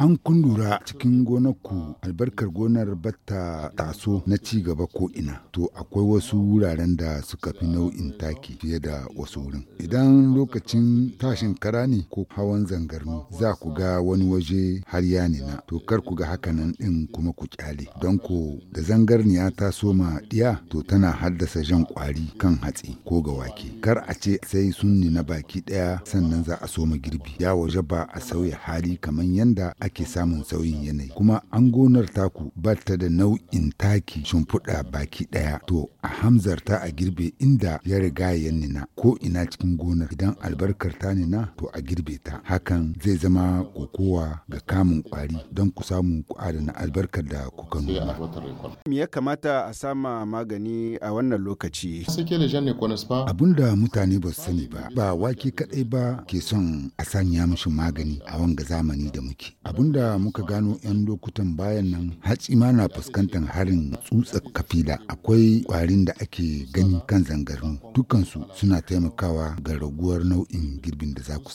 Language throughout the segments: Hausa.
An kundura lura cikin gonarku albarkar gonar batta taso na ci gaba ko ina. To akwai wasu wuraren da suka fi nau'in taki fiye da wasu wurin. Idan lokacin tashin kara ne ko hawan zangarnu za ku ga wani waje har ya nina. To kar ku ga nan din kuma ku kyale. Don ko da zangarniya ta soma diya to tana haddasa jan kwari kan hatsi ko ga wake. Kar a ce sai sun nina baki daya sannan za a soma girbi. Ya waje ba a sauya hali kamar yadda ake samun sauyin yanayi kuma an gonar taku ba ta da nau'in taki shimfiɗa baki ɗaya to a hamzarta a girbe inda ya riga ya nina ko ina cikin gonar idan albarkar ta nina to a girbe ta hakan zai zama kokowa ga kamun kwari don ku samu ku adana albarkar da kuka noma. Me ya kamata a sama magani a wannan lokaci? abun da mutane ba su sani ba ba wake kaɗai ba ke son a sanya mishi magani a wanga zamani da muke abinda muka gano 'yan lokutan bayan nan hatsi ma na fuskantar harin tsutsar kafila akwai kwarin da ake gani kan zangarnu dukansu suna taimakawa ga raguwar nau'in girbin da za ku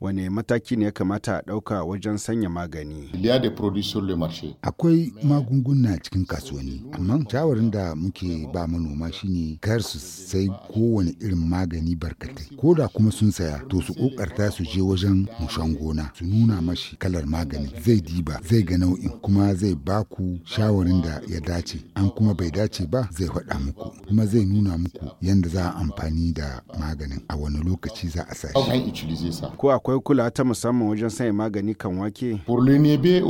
wane mataki ne ya kamata a ɗauka wajen sanya magani akwai magunguna cikin kasuwanni amma shawarin da muke ba manoma shine kar su sai kowane irin magani barkatai ko da kuma sun saya to su kokarta su je wajen mushan gona su nuna mashi kalar magani zai diba zai ga nau'in kuma zai baku shawarin da ya dace an kuma bai dace ba zai faɗa muku kuma zai nuna muku yadda za a amfani da maganin a wani lokaci za a sashi. Ko akwai kula ta musamman wajen sanya magani kan wake?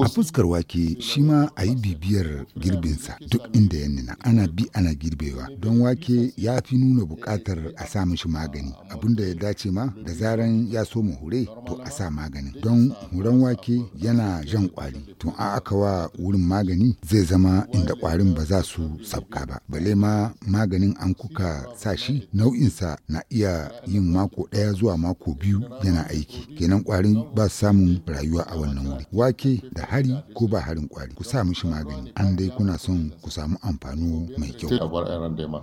A fuskar wake shi ma a yi bibiyar girbinsa duk inda ya nuna ana bi ana girbewa don wake ya fi nuna buƙatar a sa mishi magani abinda ya dace ma da zaran ya so hure to a sa magani. magani don huran wake yana jan kwari to a aka wa wurin magani zai zama inda kwarin ba za su sabka ba bale ma maganin an kuka sa shi nau'insa na iya yin mako ɗaya zuwa mako biyu yana aiki kenan kwarin ba samun rayuwa a wannan wuri wake da hari ko ba harin kwari ku sa mishi magani an dai kuna son ku samu amfano mai kyau